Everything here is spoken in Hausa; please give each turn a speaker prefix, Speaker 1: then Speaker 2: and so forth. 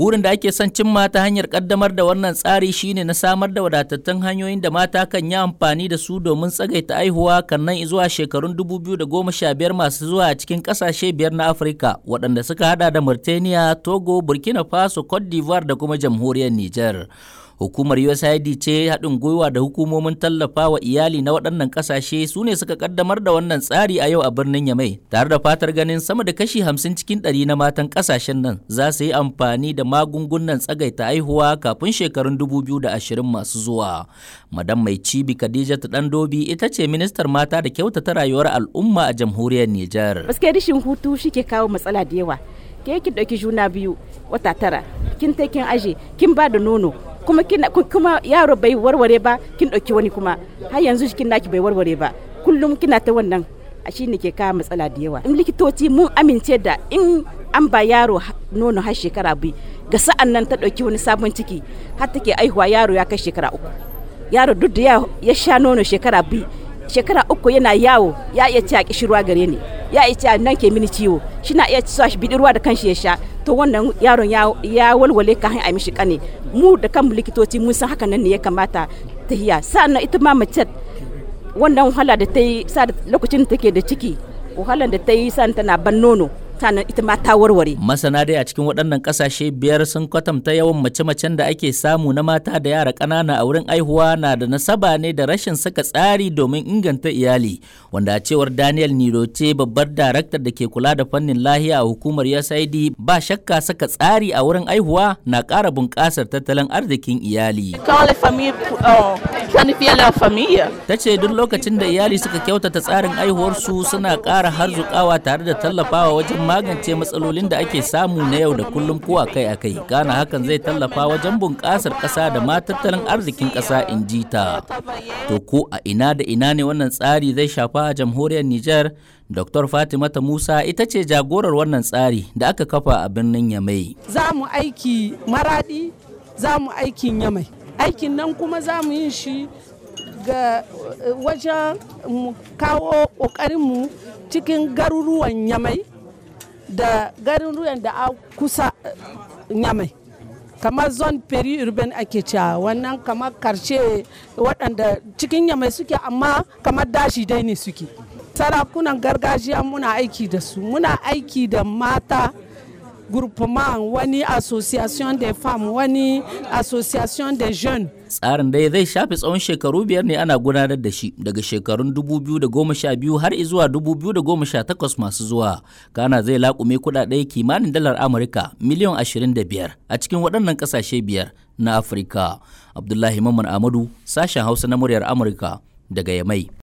Speaker 1: Burin da ake son cimma ta hanyar kaddamar da wannan tsari shine na samar da wadatattun hanyoyin da mata kan yi amfani da su domin tsagaita aihuwa kan nan zuwa shekarun 2015 masu zuwa a cikin kasashe biyar na Afirka waɗanda suka hada da Mauritania, Togo, Burkina Faso, Cote d'Ivoire da kuma jamhuriyar Nijar. Hukumar USAID ce haɗin gwiwa da hukumomin tallafawa iyali na waɗannan ƙasashe su ne suka ƙaddamar da wannan tsari a yau a birnin Yamai, tare da fatar ganin sama da kashi hamsin cikin ɗari na matan ƙasashen nan za su yi amfani da magungunan tsagaita haihuwa kafin shekarun 2020 masu zuwa. Madam mai cibi Khadija Dandobi ita ce ministar mata da kyautata rayuwar al'umma a jamhuriyar Nijar.
Speaker 2: Gaskiya rashin hutu shi ke kawo matsala da yawa. Ke ki ɗauki juna biyu wata tara kin ta kin aje kin ba da nono kuma kin kuma yaro bai warware ba kin dauki wani kuma har yanzu kin naki bai warware ba kullum kina ta wannan a shi ne ke kawo matsala da yawa in likitoci mun amince da in an ba yaro nono har shekara biyu ga sa'an nan ta dauki wani sabon ciki har take aihuwa yaro ya kai shekara uku yaro duk da ya sha nono shekara biyu shekara uku yana yawo ya iya ci a kishirwa gare ni ya iya ci a nan ke mini ciwo shi na iya ci shi bidirwa da kanshi ya sha to wannan yaron ya walwale ka hanyar mishi kane mu da kan likitoci mun san haka nan ne ya kamata ta hiya sa'annan ita ma mace wannan wahala da ta yi lokacin da take da ciki wahalar da ta yi sa'an tana ban nono ta nan ita ma
Speaker 1: ta warware. Masana dai a cikin waɗannan ƙasashe biyar sun kwatanta yawan mace-macen da ake samu na mata da yara ƙanana a wurin aihuwa na da nasaba ne da rashin saka tsari domin inganta iyali wanda a cewar Daniel Niroce babbar daraktar da ke kula da fannin lahiya a hukumar USAID ba shakka saka tsari a wurin aihuwa na ƙara bunƙasar tattalin arzikin iyali. ta nufi la familia. Ta ce duk lokacin da iyali suka kyautata tsarin aihuwarsu suna ƙara harzukawa tare da tallafawa wajen magance matsalolin da ake samu na yau da kullum ko akai-akai. Gana hakan zai tallafa wajen bunƙasar ƙasa da ma tattalin arzikin ƙasa in ji ta. To ko a ina da ina ne wannan tsari zai shafa a jamhuriyar Nijar? Dr. Fatimata Musa ita ce jagorar wannan tsari da aka kafa a birnin Yamai.
Speaker 3: Za mu aiki maradi, za mu aikin Yamai. aikin nan kuma za mu yin shi ga eh, wajen mu kawo ƙoƙarinmu cikin garuruwan yamai da garuruwan da a kusa eh, yamai kamar zon peri-urban ake cewa wannan kamar karshe waɗanda cikin yamai suke amma kamar dashi dai ne suke sarakunan gargajiya muna aiki da su muna aiki da mata groupement wani association des femmes wani association des jeunes
Speaker 1: tsarin dai zai shafi tsawon shekaru biyar ne ana gudanar da shi daga shekarun 2012 har zuwa 2018 masu zuwa kana zai laƙume kudade kimanin dalar amurka miliyan 25 a cikin waɗannan ƙasashe biyar na afirka abdullahi mamman amadu sashen hausa na muryar amurka daga yamai